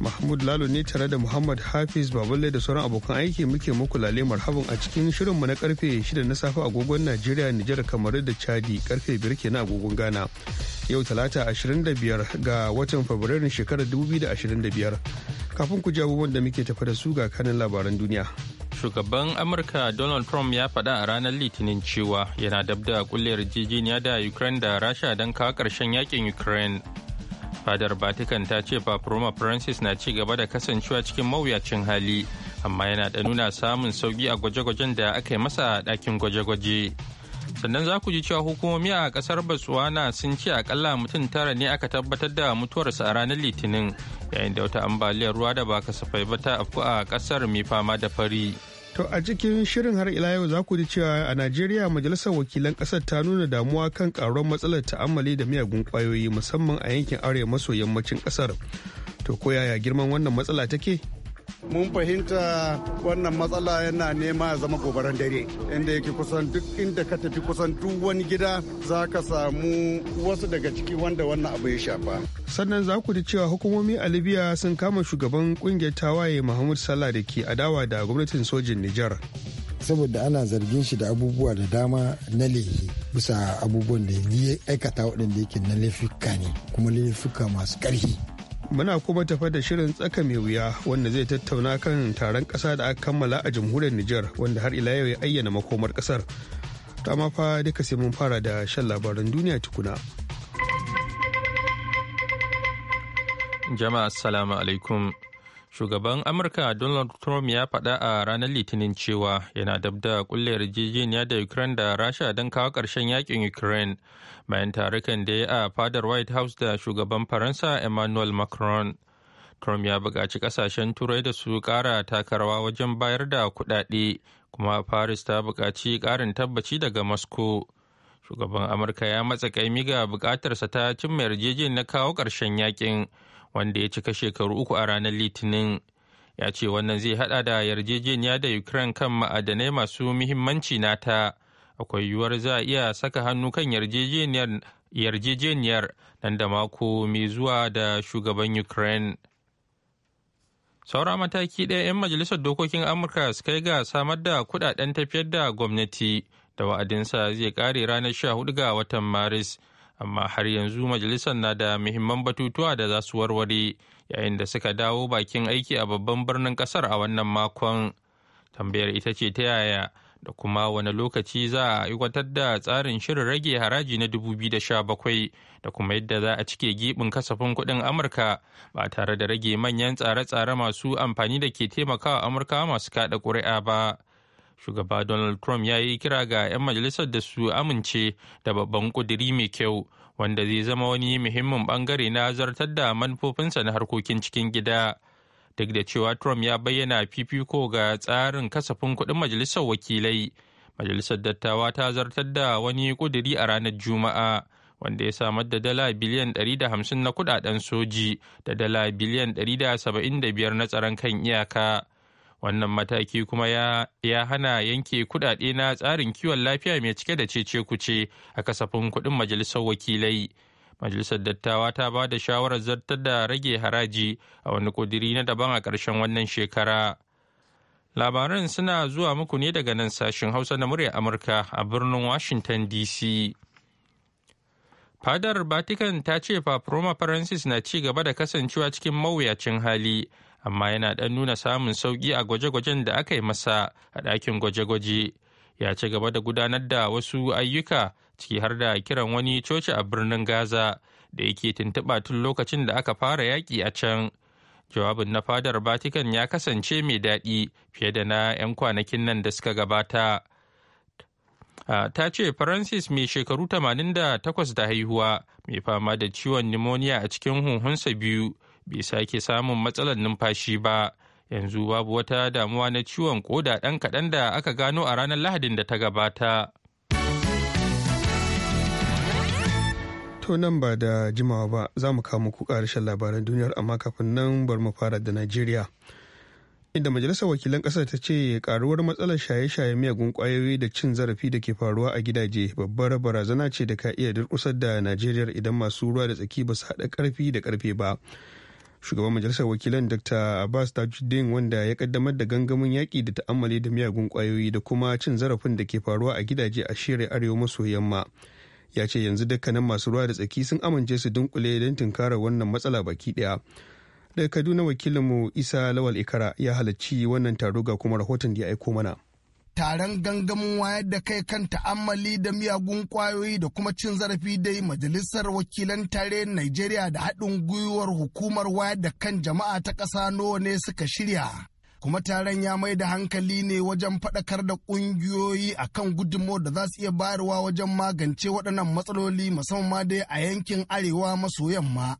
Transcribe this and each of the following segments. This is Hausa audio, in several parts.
Mahmud Lalo ne tare da Muhammad Hafiz Baballe da sauran abokan aiki muke muku lale marhaban a cikin shirin mu na karfe 6 na safe agogon Najeriya, Nijar, kamar da Chadi karfe 5 kenan agogon Ghana. Yau Talata 25 ga watan Fabrairun shekarar 2025. Kafin ku ji abubuwan da muke tafa da su ga kanin labaran duniya. Shugaban Amurka Donald Trump ya faɗa a ranar Litinin cewa yana dabda kullayar yarjejeniya da Ukraine da Rasha don kawo ƙarshen yakin Ukraine. fadar vatican ta ce paproma francis na ci gaba da kasancewa cikin mawuyacin hali amma yana da nuna samun sauki a gwaje-gwajen da aka yi masa a ɗakin gwaje-gwaje sannan za ku ji cewa hukumomi a kasar botswana sun ce akalla mutum tara ne aka tabbatar da mutuwarsa a ranar litinin yayin da wata ambaliyar ruwa da ba kasafai ba ta afku a kasar mai fama da fari. To a cikin shirin har ila yau za ku ji cewa a Najeriya majalisar wakilan ƙasar ta nuna damuwa kan ƙaruwar matsalar ta'ammali da miyagun ƙwayoyi musamman a yankin arewa maso yammacin ƙasar. To ko yaya girman wannan matsala take? mun fahimta wannan matsala yana nema ya zama gobaran dare inda yake kusan duk inda ka tafi kusan duk wani gida za ka samu wasu daga ciki wanda wannan abu ya shafa sannan za ku ji cewa hukumomi a libya sun kama shugaban kungiyar tawaye mahmud Sallah da ke adawa da gwamnatin sojin nijar saboda ana zargin shi da abubuwa da dama na laifi bisa abubuwan da ya aikata waɗanda yake na laifuka ne kuma laifuka masu ƙarfi Muna kuma tafa da shirin tsaka mai wuya wanda zai tattauna kan taron ƙasa da aka kammala a jamhuriyar Nijar wanda har ila yau ya ayyana makomar ƙasar. Ta ma fa duka sai mun fara da shan labaran duniya tukuna. Jama'a assalamu alaikum. Shugaban Amurka Donald Trump ya faɗa a ranar Litinin cewa yana dab da kulle yarjejeniya da Ukraine da Rasha don kawo ƙarshen yakin Ukraine bayan tarukan da ya a fadar White House da shugaban Faransa Emmanuel Macron. Trump ya buƙaci ƙasashen Turai da su ƙara takarwa wajen bayar da kuɗaɗe, kuma Paris ta buƙaci ƙarin tabbaci daga Moscow. Shugaban Amurka ya matsa kaimi ga buƙatarsa ta cimma yarjejeniyar na kawo ƙarshen yakin. wanda ya cika shekaru uku a ranar litinin ya ce wannan zai hada da yarjejeniya da ukraine kan ma'adanai masu muhimmanci nata akwai yiwuwar za a iya saka hannu kan yarjejeniyar nan da mako mai zuwa da shugaban ukraine saura mataki ɗaya 'yan majalisar dokokin amurka su kai ga samar da kudaden tafiyar da gwamnati da wa'adinsa zai kare ranar 14 ga watan maris amma har yanzu majalisar na da muhimman batutuwa da za su warware yayin da suka dawo bakin aiki a babban birnin kasar a wannan makon tambayar ita ce ta yaya da kuma wani lokaci za a aiwatar da tsarin shirin rage haraji na 2017 da kuma yadda za a cike gibin kasafin kuɗin amurka ba tare da rage manyan tsare-tsare masu amfani da ke taimakawa amurka masu kaɗa ƙuri'a ba shugaba donald trump ya yi kira ga 'yan majalisar da su amince da babban kuduri mai kyau wanda zai zama wani muhimmin bangare na zartar da manufofinsa na harkokin cikin gida duk da cewa trump ya bayyana fifiko ga tsarin kasafin kudin majalisar wakilai majalisar dattawa ta zartar da wani kuduri a ranar juma'a wanda ya samar da dala biliyan 150 na kudaden soji da dala biliyan 175 na tsaron kan iyaka wannan mataki kuma ya, hana yanke kudade na tsarin kiwon lafiya mai cike da cece kuce a kasafin kudin majalisar wakilai majalisar dattawa ta ba da shawarar zartar da rage haraji a wani kudiri na daban a ƙarshen wannan shekara labaran suna zuwa muku ne daga nan sashen hausa na murya amurka a birnin washington dc fadar vatican ta ce papa roma francis na ci gaba da kasancewa cikin mawuyacin hali amma yana ɗan nuna samun sauƙi a gwaje-gwajen da aka yi masa a ɗakin gwaje-gwaje ya ci gaba da gudanar da wasu ayyuka ciki har da kiran wani coci a birnin gaza da yake tuntuɓa tun lokacin da aka fara yaƙi a can jawabin na fadar vatican ya kasance mai daɗi fiye da na 'yan kwanakin nan da suka gabata ta ce francis mai shekaru 88 da haihuwa mai fama da ciwon pneumonia a cikin huhunsa biyu bai sake samun matsalar numfashi ba yanzu babu wata damuwa na ciwon koda ɗan kaɗan da aka gano a ranar lahadin da ta gabata to nan ba da jimawa ba za mu kawo muku ƙarshen labaran duniyar amma kafin nan bar mu fara da najeriya inda majalisar wakilan ƙasar ta ce karuwar matsalar shaye-shaye miyagun kwayoyi da cin zarafi da ke faruwa a gidaje babbar barazana ce da ka iya durƙusar da najeriya idan masu ruwa da tsaki ba su haɗa ƙarfi da ƙarfe ba shugaban majalisar wakilan dr abbas tajuddin wanda ya kaddamar da gangamin yaƙi da ta'ammali da miyagun ƙwayoyi da kuma cin zarafin da ke faruwa a gidaje a shirya arewa maso yamma ya ce yanzu dukkanin masu ruwa da tsaki sun amince su dunkule don tunkara wannan matsala baki ɗaya daga kaduna wakilinmu isa lawal ikara ya halarci wannan taro ga kuma rahoton da ya aiko mana taron gangamin wayar da kai kan ta'ammali da miyagun kwayoyi da kuma cin zarafi dai majalisar wakilan tare Najeriya da haɗin gwiwar hukumar wayar da kan jama'a ta ƙasa nawa ne suka shirya. Kuma taron ya mai da hankali ne wajen faɗakar da ƙungiyoyi a kan da za su iya bayarwa wajen magance waɗannan matsaloli musamman dai a yankin arewa maso yamma.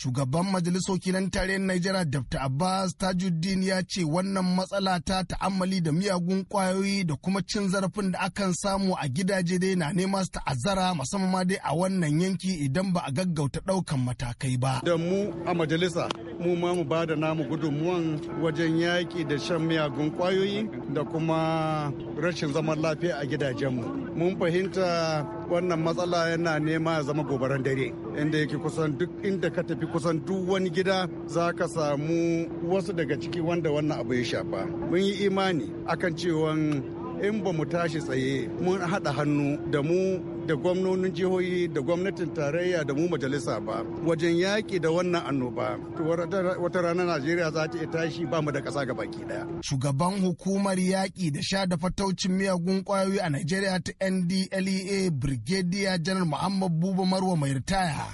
Shugaban Majalisar Wakilan Tarayyar Najeriya Dr. Abbas Tajuddin ya ce wannan matsala ta ta'ammali da miyagun kwayoyi da kuma cin zarafin da akan samu a gidaje dai na nema su ta'azzara musamman ma dai a wannan yanki idan ba a gaggauta ɗaukan matakai ba. Da mu a majalisa mu ma mu bada namu gudunmuwan wajen yaki da shan miyagun kwayoyi da kuma rashin zaman lafiya a gidajenmu. Mun fahimta wannan matsala yana nema ya zama gobaran dare. inda yake kusan duk inda ka tafi kusan duk wani gida za ka samu wasu daga ciki wanda wannan abu ya shafa mun yi imani akan cewa in ba mu tashi tsaye mun haɗa hannu da mu da gwamnonin jihohi da gwamnatin tarayya da mu majalisa ba wajen yaƙi da wannan annoba wata rana najeriya za ta iya tashi ba mu da ƙasa gaba ki daya shugaban hukumar yaƙi da sha da fataucin miyagun ƙwayoyi a najeriya ta ndlea brigadier janar muhammad buba marwa mai ritaya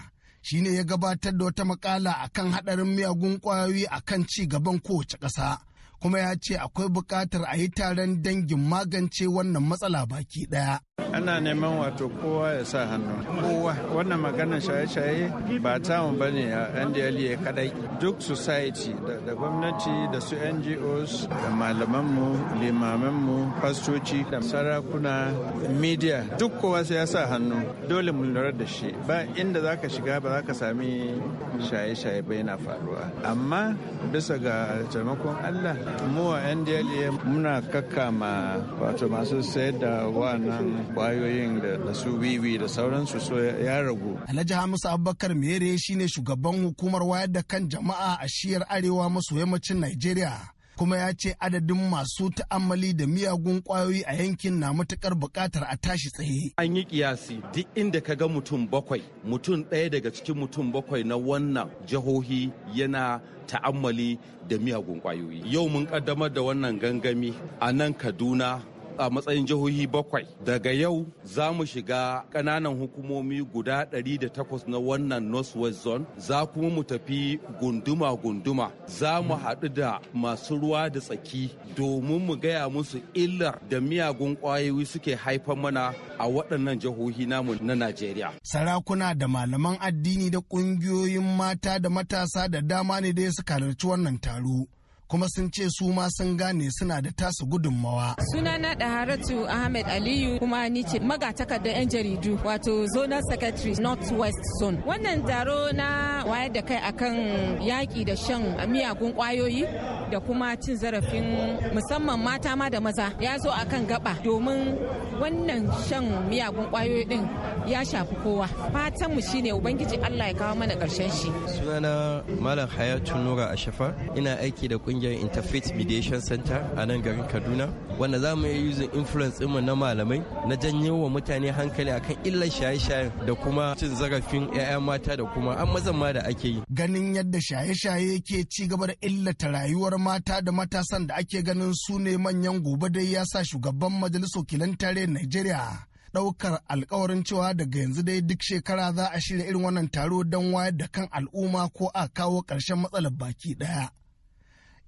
shine ya gabatar da wata makala akan haɗarin miyagun ƙwayoyi a kan ci gaban kowace ƙasa kuma ya ce akwai buƙatar a yi taron dangin magance wannan matsala baki ɗaya ana neman wato kowa ya sa hannu kowa wannan maganar shaye-shaye ba tamu ba ne a ndla kadai duk society da gwamnati da su ngos da malamanmu limamanmu fastoci da sarakuna media duk kowa sai ya sa hannu dole mu lura da shi ba inda za ka shiga ba za ka sami shaye-shaye bai yana faruwa amma bisa ga taimakon allah mu a ndla muna kakkama wato masu sayar da wa'annan kwayoyin da su wiwi da sauransu so ya ragu. Alhaji Hamisu Abubakar Mere shine shugaban hukumar wayar da kan jama'a a shiyar arewa maso yammacin Najeriya. kuma ya ce adadin masu ta'ammali da miyagun kwayoyi a yankin na matukar bukatar a tashi tsaye. An yi kiyasi duk inda ka ga mutum bakwai, mutum ɗaya daga cikin mutum bakwai na wannan jihohi yana ta'ammali da miyagun kwayoyi. Yau mun ƙaddamar da wannan gangami a nan Kaduna a matsayin jihohi bakwai daga yau za mu shiga kananan hukumomi guda 108 na wannan northwest zone za kuma mu tafi gunduma-gunduma za mu haɗu da masu ruwa da tsaki domin mu gaya musu illar da miyagun ƙwayoyi suke haifar mana a waɗannan jihohi namu na najeriya sarakuna da malaman addini da ƙungiyoyin mata da matasa da dama ne dai suka halarci wannan taro kuma sun ce su ma sun gane suna da tasu gudunmawa. Sunana da Haratu Ahmed Aliyu kuma ni ce magatakardar 'yan jaridu wato zonal secretary north west zone. Wannan taro na wayar da kai akan yaƙi da shan miyagun ƙwayoyi da kuma cin zarafin musamman mata ma da maza ya zo akan gaba domin wannan shan miyagun ƙwayoyi din ya shafi kowa. Fatan mu shine Ubangiji Allah ya kawo mana ƙarshen shi. Sunana Malam Hayatu Nura Ashafa ina aiki da kungiyar interfaith mediation center a nan garin kaduna wanda za mu yi using influence ɗinmu na malamai na janyo wa mutane hankali akan illar shaye-shayen da kuma cin zarafin 'ya'ya mata da kuma an mazamma da ake yi ganin yadda shaye-shaye ke ci gaba da illata rayuwar mata da matasan da ake ganin su ne manyan gobe dai ya sa shugaban majalisar wakilan tare Najeriya ɗaukar alkawarin cewa daga yanzu dai duk shekara za a shirya irin wannan taro don wayar da kan al'umma ko a kawo ƙarshen matsalar baki ɗaya.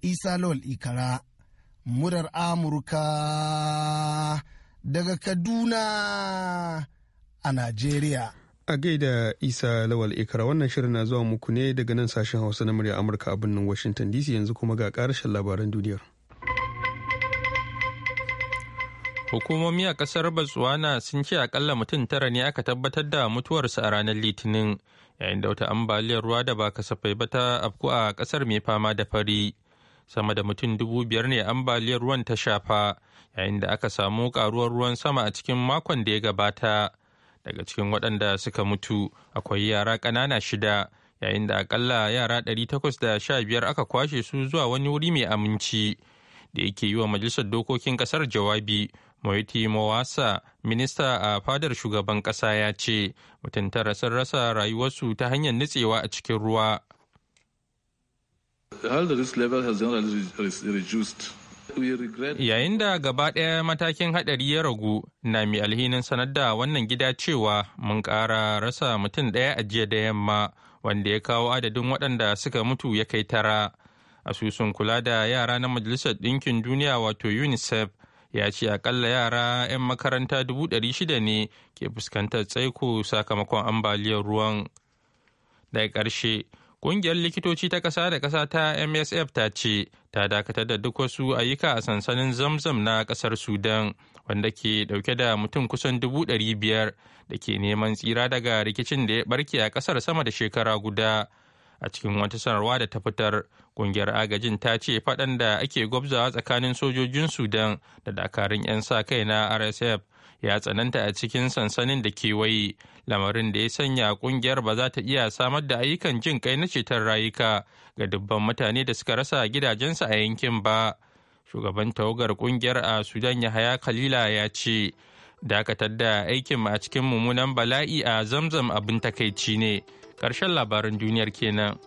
isa lawal ikara murar amurka daga kaduna a najeriya a gaida isa lawal ikara wannan shirin na zuwa muku ne daga nan sashen hausa na murya amurka a birnin washington dc yanzu kuma ga karshen labaran duniyar hukumomi a kasar botswana sun ce akalla mutum tara ne aka tabbatar da mutuwarsa a ranar litinin yayin da wata ambaliyar ruwa da ba kasafai ba ta afku a kasar mai fama da fari sama da mutum dubu biyar ne ambaliyar ruwan ta shafa yayin da aka samu karuwar ruwan sama a cikin makon da ya gabata daga cikin waɗanda suka mutu akwai yara ƙanana shida yayin da akalla yara ɗari takwas da sha biyar aka kwashe su zuwa wani wuri mai aminci da yake yi wa majalisar dokokin ƙasar jawabi moiti mawasa minista a fadar shugaban ƙasa ya ce mutum tara sun rasa rayuwarsu ta hanyar nutsewa a cikin ruwa Yayin da gaba ɗaya matakin haɗari ya ragu, na mai alhinin sanar da wannan gida cewa mun ƙara rasa mutum ɗaya a jiya da yamma wanda ya kawo adadin waɗanda suka mutu ya kai tara. Asusun kula da yara na Majalisar Ɗinkin Duniya wato UNICEF ya ce akalla yara 'yan makaranta dubu shida ne ke fuskantar tsaiko sakamakon ambaliyar ruwan. Daga ƙarshe, Ƙungiyar likitoci ta ƙasa da ƙasa ta MSF ta ce ta dakatar da duk wasu ayyuka a sansanin zamzam na ƙasar Sudan wanda ke ɗauke da mutum kusan dubu ɗari biyar da ke neman tsira daga rikicin da ya ɓarke a ƙasar sama da shekara guda. A cikin wata sanarwa da ta fitar, ƙungiyar agajin ta ce faɗan da ake gwabzawa tsakanin sojojin Sudan da dakarun 'yan sa kai na RSF ya tsananta a cikin sansanin da kewaye lamarin da ya sanya kungiyar ba za ta iya samar da ayyukan jin kai na ceton rayuka ga dubban mutane da suka rasa gidajensu a yankin ba shugaban tawagar kungiyar a sudan yahaya khalila ya ce dakatar da aikin a cikin mummunan bala'i a zamzam abin takaici ne ƙarshen labarin duniyar kenan.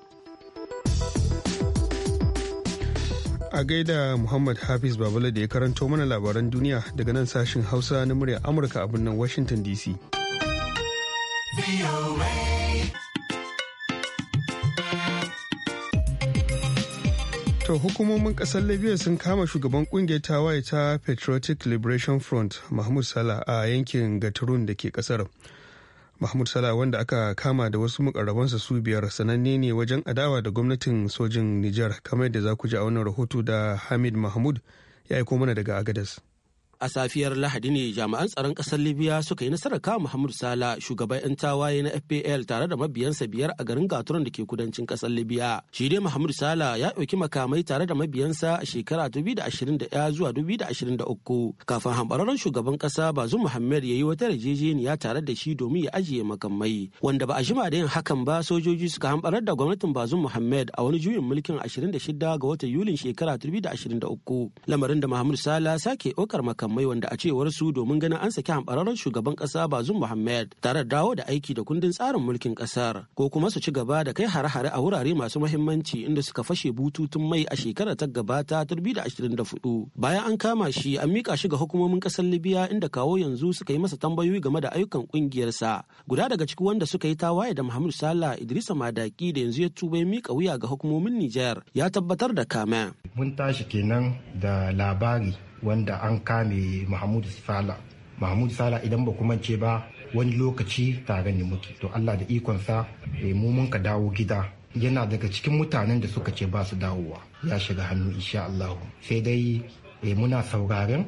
a gaida Muhammad Hafiz Babala da ya karanto mana labaran duniya daga nan sashen Hausa na murya Amurka a birnin Washington DC. To hukumomin kasar Libya sun kama shugaban kungiyar tawaye ta Patriotic Liberation Front Mahmud Salah a yankin Gatarun da ke kasar. mahmud sala wanda aka kama da wasu mukarrabansa su biyar sananne ne wajen adawa da gwamnatin sojin nijar kamar yadda za ku ji a wannan rahoto da hamid mahmud ya aiko mana daga agadas A safiyar Lahadi ne jami'an tsaron ƙasar Libya suka yi nasarar kama Muhammadu Sala shugaban 'yan tawaye na FPL tare da mabiyansa biyar a garin Gaturan da ke kudancin ƙasar Libya. Shi dai Muhammadu Sala ya ɗauki makamai tare da mabiyansa a shekara 2021 zuwa 2023 kafin hambararren shugaban ƙasa Bazum Muhammad ya yi wata yarjejeniya tare da shi domin ya ajiye makamai wanda ba a jima da yin hakan ba sojoji suka hambarar da gwamnatin Bazum Muhammad a wani juyin mulkin 26 ga watan Yulin shekara 2023 lamarin da Muhammadu Sala sake ɗaukar makamai mai wanda a cewar su domin ganin an saki hambararren shugaban kasa bazum muhammad tare dawo da aiki da kundin tsarin mulkin kasar ko kuma su ci gaba da kai hare-hare a wurare masu muhimmanci inda suka fashe bututun mai a shekarar ta gabata hudu bayan an kama shi an mika shi ga hukumomin kasar libya inda kawo yanzu suka yi masa tambayoyi game da ayyukan kungiyarsa guda daga ciki wanda suka yi tawaye da muhammad salah idrisa madaki da yanzu ya tuba ya mika wuya ga hukumomin niger ya tabbatar da kama. mun tashi kenan da labari wanda an kame mahmud sala mahmud sala idan ba kuma ce ba wani lokaci tare ne muke to allah da ikonsa eh, mu mun ka dawo gida yana daga cikin mutanen da suka ce ba su dawowa ya shiga hannu insha allah sai dai eh, muna sauraren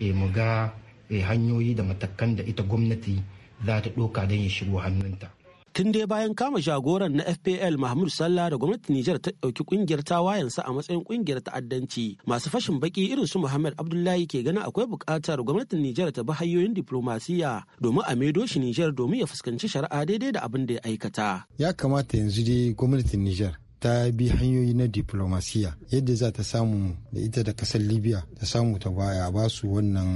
eh, mu ga hanyoyi da matakan da ita gwamnati za ta ɗoka don ya shigo hannunta tun dai bayan kama jagoran na fpl mahmud sallah da gwamnatin nijar ta ɗauki ƙungiyar tawayensa a matsayin ƙungiyar ta'addanci masu fashin baki irin su muhammad abdullahi ke ganin akwai buƙatar gwamnatin nijar ta bi hanyoyin diplomasiya domin a maido shi nijar domin ya fuskanci shari'a daidai da abin da ya aikata ya kamata yanzu dai gwamnatin nijar ta bi hanyoyi na diplomasiya yadda za ta samu da ita da kasar libya ta samu ta baya ba su wannan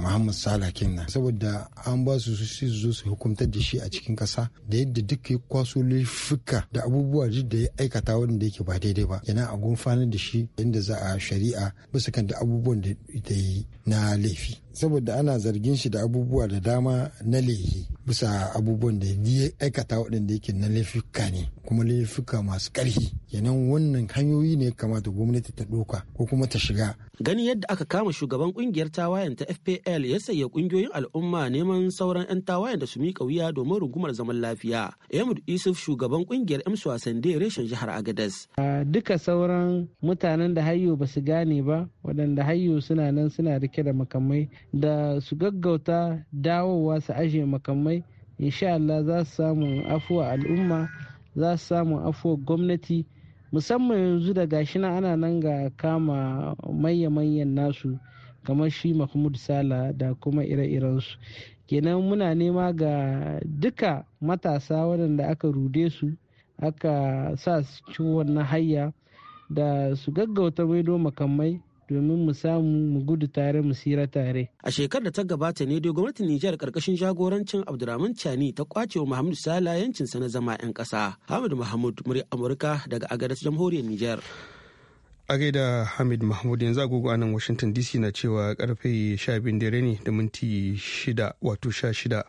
muhammad salah kenan saboda an ba su su zo su hukumtar da shi a cikin kasa da yadda duk ya kwaso laifuka da abubuwa da ya aikata wanda yake ba daidai ba yana a gunfanar da shi yadda za a shari'a bisa kan da abubuwan da ya yi na laifi saboda ana zargin shi da abubuwa da dama na lehi bisa abubuwan da ya aikata waɗanda yake na laifuka ne kuma laifuka masu ƙarfi kenan wannan hanyoyi ne kamata gwamnati ta ɗauka ko kuma ta shiga gani yadda aka kama shugaban kungiyar tawayen ta fpl ya sayi kungiyoyin al'umma neman sauran 'yan tawayen da su miƙa wuya domin rungumar zaman lafiya ahmad isuf shugaban kungiyar emsu wasande reshen jihar agadas duka sauran mutanen da hayo ba su gane ba waɗanda hayo suna nan suna rike da makamai da su gaggauta dawowa su aje makamai insha Allah za su samu afuwa al'umma za su samu afuwa gwamnati musamman yanzu da gashi na ana nan ga kama manya-manyan nasu kamar shi mahmud sala da kuma ire-irensu kenan muna nema ga duka matasa waɗanda aka rude su aka sa su ci wannan hayya da su gaggauta maido makamai domin mu samu mu gudu tare mu sira tare. A shekarar da ta gabata ne dai gwamnatin Nijar karkashin jagorancin Abdulrahman Chani ta kwace wa Muhammadu Sala yancin sa na zama 'yan ƙasa. Hamid Mahmud murya Amurka daga Agadez Jamhuriyar Nijar. A gaida Hamid Mahmud yanzu agogo a nan Washington DC na cewa karfe 12 dare ne da minti 6 wato 16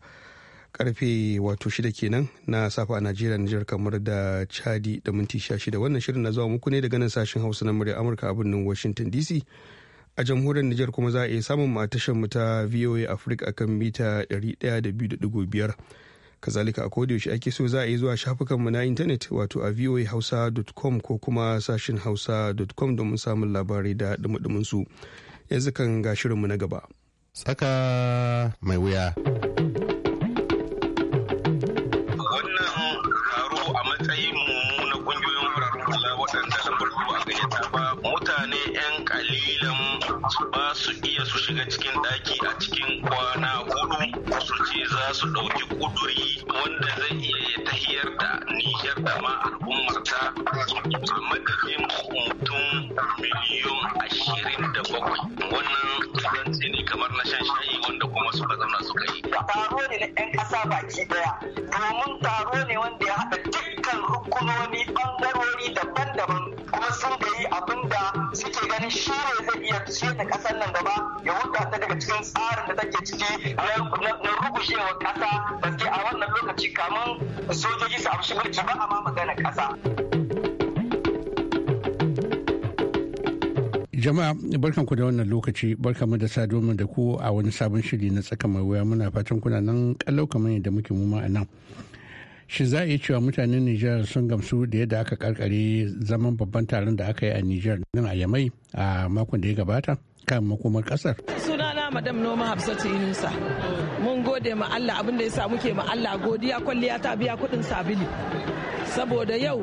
karfe wato shida kenan na safa a najeriya nijar kamar da chadi da minti shida wannan shirin na zuwa muku ne daga nan sashen hausa na murya amurka a birnin washington dc a jamhuriyar nijar kuma za a iya samun mu a tashar mu ta voa africa akan mita 102.5 kazalika a yaushe ake so za a yi zuwa shafukanmu na intanet wato a voahausa.com ko kuma sashin hausa.com domin samun labarai da dumudumin su yanzu kan ga shirinmu na gaba Saka mai wuya ba su iya su shiga cikin ɗaki a cikin kwana hudu su ce za su ɗauki kuduri wanda zai iya ya tahiyar da nishar da ma ta a madadin mutum miliyon ashirin da bakwai wannan zance ne kamar na shan shayi wanda kuma suka zauna suka yi. Taro ne na 'yan ƙasa baki daya domin taro ne wanda ciyar da kasar nan gaba ya huta ta daga cikin tsarin da take ciki na rugujewa kasa gaske a wannan lokaci kamun sojoji su amshi mulki ba a ma magana kasa. jama'a barkan ku da wannan lokaci barkan mu da saduwa da ku a wani sabon shiri na tsaka mai wuya muna fatan kuna nan kallau kamar yadda muke muma a nan shi za a iya cewa mutanen Nijar sun gamsu da yadda aka karkare zaman babban taron da aka yi a Nijar nan a Yamai a makon da ya gabata kan makomar kasar. Sunana Madam Noma Hafsatu Inusa. Mun gode ma Allah abin da ya sa muke ma Allah godiya kwalliya ta biya kuɗin sabili. Saboda yau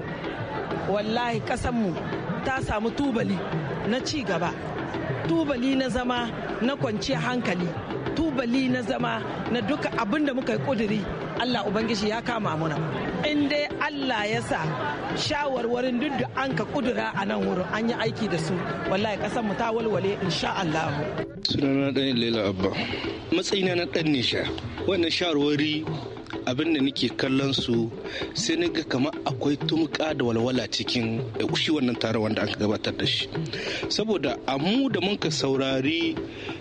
wallahi kasanmu ta samu tubali na ci gaba. Tubali na zama na kwanciyar hankali. Tubali na zama na duka abin da muka yi ƙuduri Allah Ubangiji ya kama muna. In dai Allah ya sa shawarwarin duk da an ka kudura a nan wurin an yi aiki da su wallahi ƙasar mu ta walwale insha Allah. Sunana ɗan Lela Abba. Matsayina na ɗan Nisha. Wannan shawarwari abin da nake kallon su sai na ga kamar akwai tumka da walwala cikin shi wannan taron wanda an gabatar da shi saboda a mu da muka saurari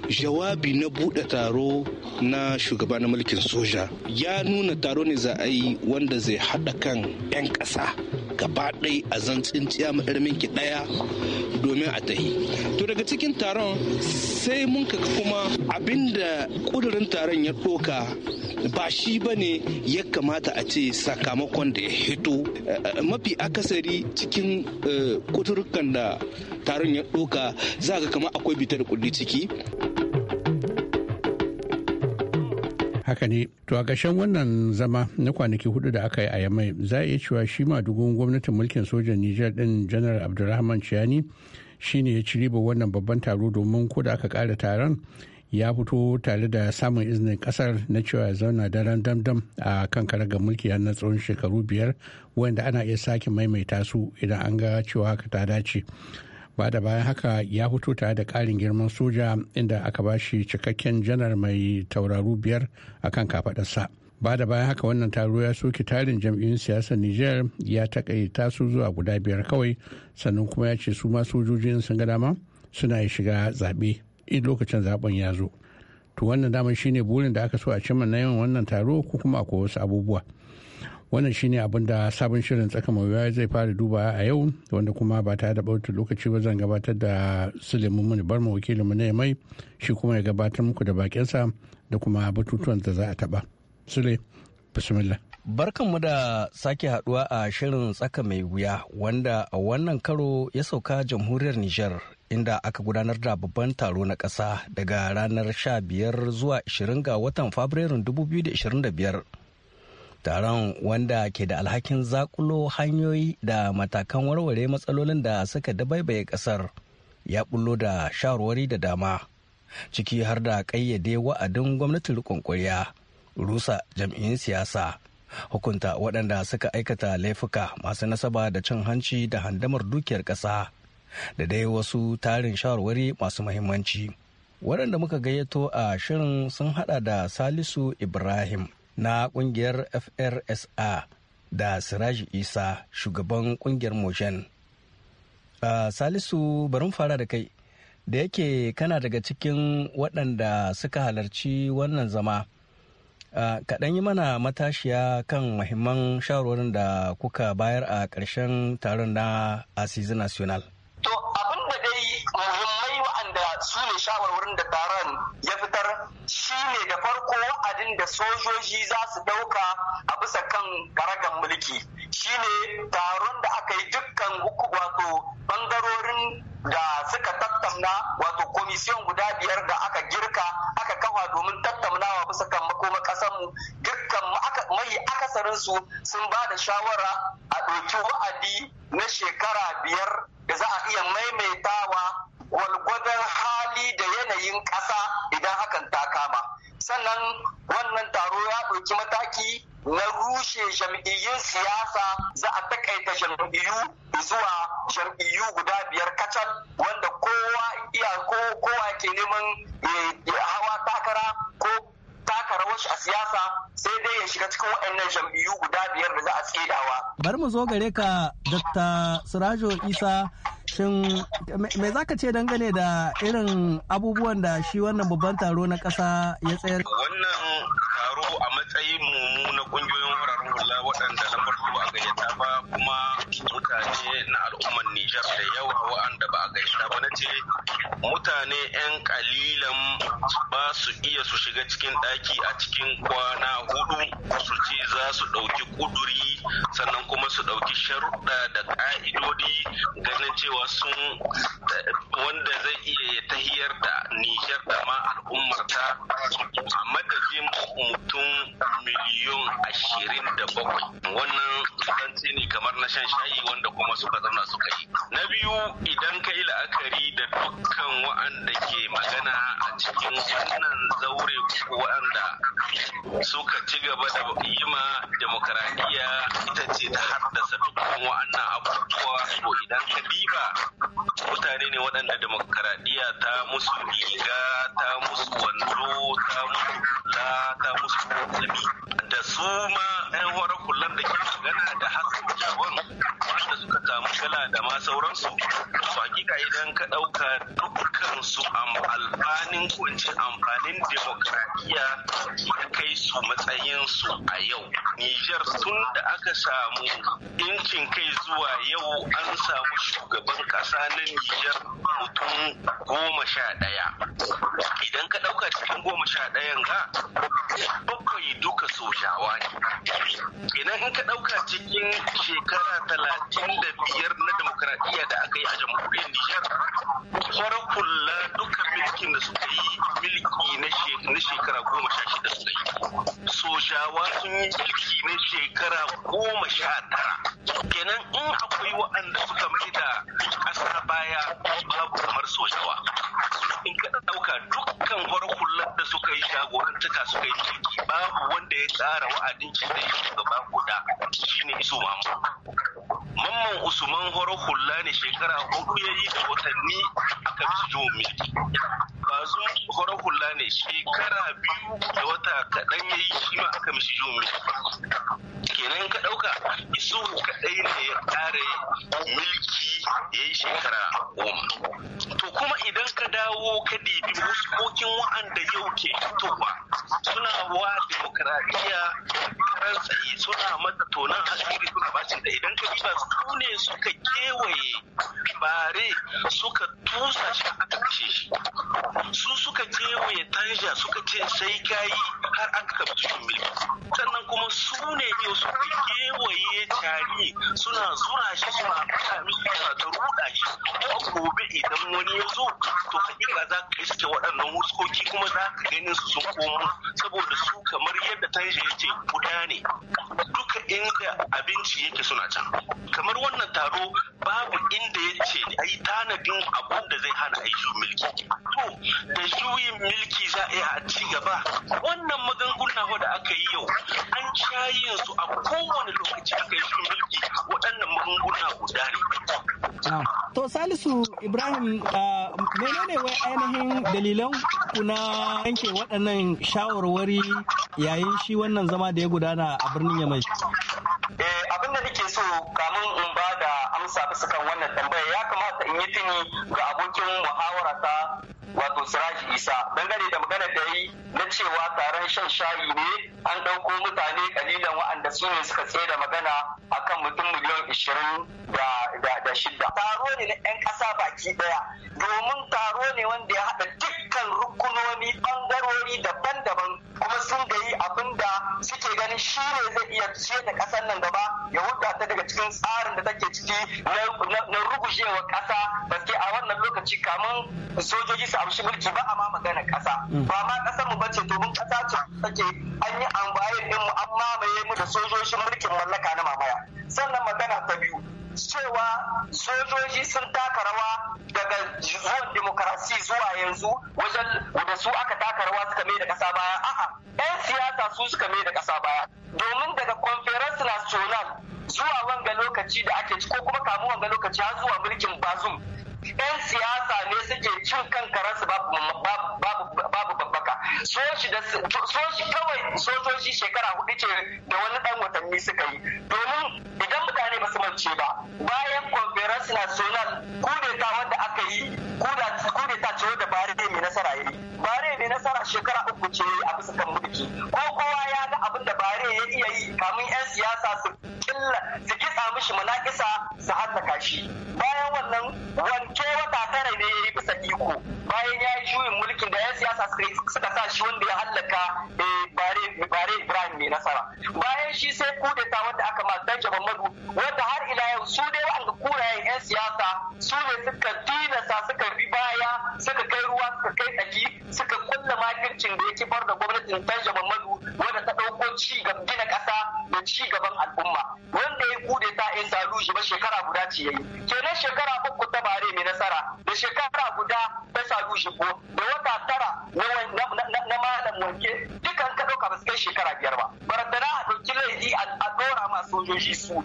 jawabi na buɗe taro na shugaba na mulkin soja ya nuna taro ne za a yi wanda zai haɗa kan 'yan ƙasa gaba ɗai a zancin ciya ki ɗaya domin a tahi to daga cikin taron sai mun kaga kuma abinda ƙudurin taron ya ɗoka ba shi ba ne ya kamata a ce sakamakon da ya hito mafi akasari cikin kuturukan eh, da taron ya ɗoka za ka kama akwai bitar kulli ciki haka ne to a ƙarshen wannan zama na kwanaki hudu da aka yi a yamai za a iya cewa shi ma madugun gwamnatin mulkin sojan nijar din janar abdulrahman ciyani shine ya ci riba wannan babban taro domin ko da aka ƙara taron ya fito tare da samun izinin kasar na cewa ya zauna daren damdam a kan ga mulki na tsawon shekaru biyar wanda ana iya sake maimaita su idan an ga cewa haka ta dace ba da bayan haka ya fito tare da karin girman soja inda aka ba shi cikakken janar mai tauraru biyar a kan kafaɗarsa ba da bayan haka wannan taro ya soke tarin jam'iyyun siyasar niger ya takaita su zuwa guda biyar kawai sannan kuma ya ce su ma sojojin sun ga dama suna shiga zaɓe in lokacin zaben ya zo to wannan damar shine burin da aka so a cimma na yin wannan taro ko kuma akwai wasu abubuwa wannan shine abin da sabon shirin tsaka mai zai fara duba a yau wanda kuma ba ta da bautu lokaci ba zan gabatar da sulemu mun bar mu wakilinmu na mai shi kuma ya gabatar muku da bakinsa da kuma batutuwan da za a taba sule bismillah mu da sake haduwa a shirin tsaka mai wuya wanda a wannan karo ya sauka jamhuriyar niger inda aka gudanar da babban taro na kasa daga ranar 15 zuwa 20 ga watan fabrairun 2025 taron wanda ke da alhakin zakulo hanyoyi da matakan warware matsalolin da suka dabaibaye kasar ya bullo da shawarwari da dama ciki har da ƙayyade wa'adin gwamnatin rikon ƙwarya rusa jam'iyyun siyasa hukunta waɗanda suka aikata laifuka masu nasaba da cin hanci da handamar dukiyar ƙasa da dai wasu tarin shawarwari masu muhimmanci waɗanda muka gayyato a shirin sun haɗa da salisu ibrahim na kungiyar FRSA da Siraj Isa shugaban kungiyar mojen. Uh, Salisu barin fara da kai da yake kana daga cikin waɗanda suka halarci wannan zama. Uh, kaɗan yi mana matashiya kan mahimman shawarwarin da kuka bayar a ƙarshen taron na Asisi National. To abin da dai muhimmai waɗanda su ne shawarwarin da taron ya Shi ne da farko wa'adin da sojoji za su dauka a bisa kan karagan mulki Shi ne taron da aka yi dukkan wato bangarorin da suka tattauna wato komisiyon guda biyar da aka girka aka kafa domin tattaunawa bisa kan makoma kasanmu dukkan mai akasarin su sun ba da shawara a ɗauki wa'adi na shekara biyar da za a iya maimaitawa matsayin ƙasa idan hakan ta kama sannan wannan taro ya ɗauki mataki na rushe jam'iyyun siyasa za a takaita jam'iyyu zuwa jam'iyyu guda biyar kacal wanda kowa iya ko kowa ke neman hawa takara ko taka rawar a siyasa sai dai ya shiga cikin waɗannan jam'iyyu guda biyar da za a tsedawa. Bari mu zo gare ka Dr. Sirajo Isa Shin me za ka ce dangane da irin abubuwan da shi wannan babban taro na ƙasa ya tsayar? Wannan taro a matsayin mu na ƙungiyoyin wuraren hula waɗanda lambar a gayyata ba kuma mutane na Niger da yawa wa'anda ba a gaisa ba na ce mutane 'yan kalilan ba su iya su shiga cikin ɗaki a cikin kwana hudu su ce za su ɗauki kuduri sannan kuma su ɗauki sharuɗa da ƙa'idodi ganin cewa sun wanda zai iya ya tahiyar da Nijar da ma al'ummarta a madadin mutum miliyon ashirin da bakwai wannan zance ne kamar na shan shayi wanda kuma suka zauna suka yi na biyu idan ka yi la'akari da dukkan wa'anda ke magana a cikin wannan zaure wa'anda suka ci gaba da yima demokaradiyya ita ce ta haddasa dukkan wa'annan abubuwa to idan ka diba mutane ne waɗanda demokaradiyya ta musu riga ta musu wando ta musu kula ta musu kotsami da su ma ɗan da ke magana da hasu jawon wanda suka samu kala da masu sauransu su hakika idan ka ɗauka dukkan su amfanin amfanin demokradiyya ya kai su matsayin su a yau Nijar tun da aka samu incin kai zuwa yau an samu shugaban ƙasa na Nijar mutum goma sha ɗaya idan ka ɗauka cikin goma sha ɗayan ga bakwai duka sojawa ne idan ka ɗauka cikin shekara talatin da biyar na demokradiyya demokuraɗiyya da aka yi a jamhuriyar Nijar Kwarar kula dukkan mulkin da suka yi mulki na shekara goma sha shida suka yi. Sojawa sun yi mulki na shekara goma sha tara. Kenan in akwai waɗanda suka mai da ƙasa baya babu kamar sojawa. In ka ɗauka dukkan kwarar kula da suka yi jagorantaka suka yi mulki babu wanda ya tsara wa'adin cikin da shugaba guda shine iso mamu. mamman usman horo hula ne shekara hudu ya yi da watanni aka cijo mai kazu horon hula ne shekara biyu da wata kaɗan ya yi shi ma aka mishi jomi kenan ka ɗauka isu kaɗai ne ya ƙare mulki ya yi shekara goma to kuma idan ka dawo ka dibi huskokin wa'anda yau ke fitowa suna wa demokradiyya karan tsaye suna mata tonan asiri suna bacin da idan ka diba su ne suka kewaye bare suka tusa shi aka kashe shi su suka kewaye tanja suka ce sai kayi har an kaba tushen mulki sannan kuma su ne yau suka kewaye tari suna zura shi suna fara miki suna ta ruɗa shi ko gobe idan wani ya zo to hakika za ka iske waɗannan wuskoki kuma za ka ganin su sun komo saboda su kamar yadda tanja ya ce guda ne duka inda abinci yake suna can kamar wannan taro babu inda ya ce ai tanadin abun da zai hana aikin mulki mulki za a yi a ci gaba wannan magunguna da aka yi yau an sha su a kowane lokaci aka yi su milki waɗannan magunguna guda ne to salisu ibrahim ah, menene wai ainihin dalilan ku na yanke waɗannan shawarwari yayin shi wannan zama da ya gudana a birnin yamai eh, abin da nake so kamun in ba da amsa bisa kan wannan tambaya ya kamata in yi tuni ga abokin muhawarata wato siraji isa dangane da magana da yi na cewa taron shan shayi ne an ɗauko mutane kalilan waɗanda su ne suka tsaye da magana akan mutum miliyan ishirin da shida. Taro ne na 'yan ƙasa baki ɗaya domin taro ne wanda ya haɗa dukkan rukunoni ɓangarori daban-daban kuma sun gayi abin da suke ganin shi ne zai iya ciye da ƙasar nan gaba ya huta ta daga cikin tsarin da take ciki na rugujewa ƙasa baske a wannan lokaci kamun sojoji su amshi mulki ba a ma magana ƙasa mm. ba ma ƙasar mu bace domin kasa ce take an yi ambayin din mu an mamaye mu da sojojin mulkin mallaka na mamaya sannan magana ta biyu cewa sojoji sun taka rawa daga zuwan demokarasi zuwa yanzu wajen da su aka taka rawa suka mai da kasa baya a'a 'yan siyasa su suka mai da kasa baya domin daga conference national zuwa wanga lokaci da ake ci ko kuma kamu wanga lokaci har zuwa mulkin bazum 'yan siyasa ne suke cin kan karansu babu babbaka soshi kawai sojoji shekara hudu ce da wani dan watanni suka yi domin idan mutane ba su mance ba bayan conference national kudeta wanda aka yi kudeta ce wanda bare mai nasara yi bare mai nasara shekara uku ce a bisa kan mulki ko kowa ya ga abin da bare ya iya yi kamun 'yan siyasa su su kitsa mishi munakisa su hallaka shi bayan wannan wanke wata tara ne ya yi bisa iko bayan ya yi juyin mulkin da 'yan siyasa suka sa shi wanda ya hallaka eh, bare ibrahim mai nasara bayan shi sai kudeta wanda aka ma danja mamadu wanda har ila yau su dai wa'anda kurayen 'yan siyasa su ne suka tilasta suka bi baya suka kai ruwa suka kai tsaki suka kulla makircin da ya kifar da gwamnatin danja mamadu wanda ta ɗauko ci gaba gina ƙasa da ci gaban al'umma wanda ya kude ta in salu shi ba shekara guda ce yayi kenan shekara uku ta bare mai nasara da shekara guda ta salu shi ko da wata tara na malam wanke dukan ka dauka ba shekara biyar ba barantana a dauki laifi a dora ma sojoji su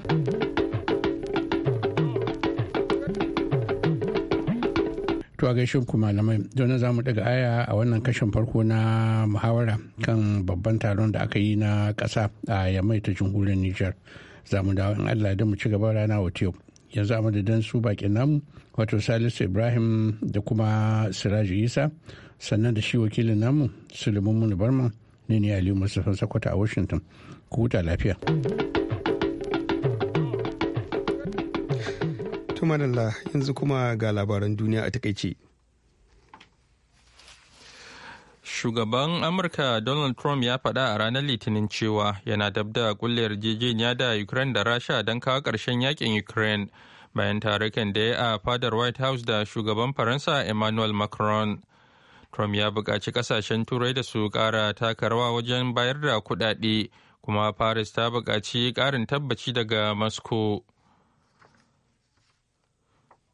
To a gaishe ku malamai, don za mu daga aya a wannan kashin farko na muhawara kan babban taron da aka yi na kasa a yamai ta jamhuriyar Nijar. zamu dawo in allah da mu ci gaba rana wata yau yanzu a su bakin namu wato salisu ibrahim da kuma siraju isa sannan da shi wakilin namu suleiman muni barma ne ne aliyu mustapha sakwata a washington ku huta lafiya tumanalla yanzu kuma ga labaran duniya a takaice Shugaban Amurka Donald Trump ya faɗa a ranar Litinin cewa yana dab da kulle yarjejeniya da Ukraine da Rasha don kawo ƙarshen yakin Ukraine bayan tarukan da ya a fadar White House da shugaban Faransa Emmanuel Macron. Trump ya buƙaci ƙasashen Turai da su ƙara taka rawa wajen bayar da kuɗaɗe, kuma Paris ta buƙaci ƙarin tabbaci daga Moscow.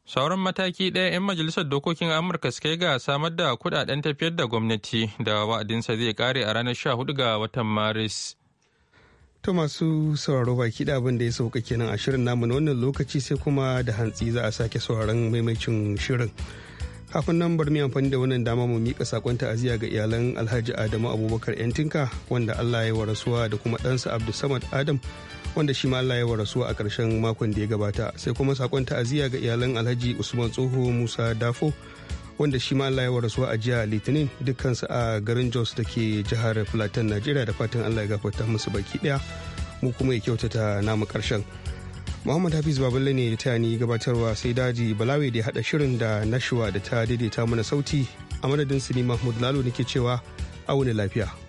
sauran mataki ɗaya 'yan majalisar dokokin amurka suka yi ga samar da kudaden tafiyar da gwamnati da wa'adinsa zai kare a ranar 14 ga watan maris To masu sauraro baki da abin da ya sauka kenan a shirin namu na wannan lokaci sai kuma da hantsi za a sake sauraron maimacin shirin. Kafin nan bar mu amfani da wannan dama mu mika sakon ta'aziyya ga iyalan Alhaji Adamu Abubakar Yantinka wanda Allah ya wa rasuwa da kuma ɗansa Abdulsamad Adam wanda shi ma Allah ya rasuwa a ƙarshen makon da ya gabata sai kuma sakon ta'aziyya ga iyalan Alhaji Usman Tsoho Musa Dafo wanda shi ma Allah ya rasuwa a jiya Litinin dukkansu a garin Jos da ke jihar Plateau Najeriya da fatan Allah ya gafarta musu baki ɗaya mu kuma ya kyautata namu ƙarshen. Muhammad Hafiz Baballe ne ya taya ni gabatarwa sai daji Balawe da ya haɗa shirin da Nashua da ta daidaita mana sauti a madadin ne Mahmud Lalo nake cewa a wani lafiya.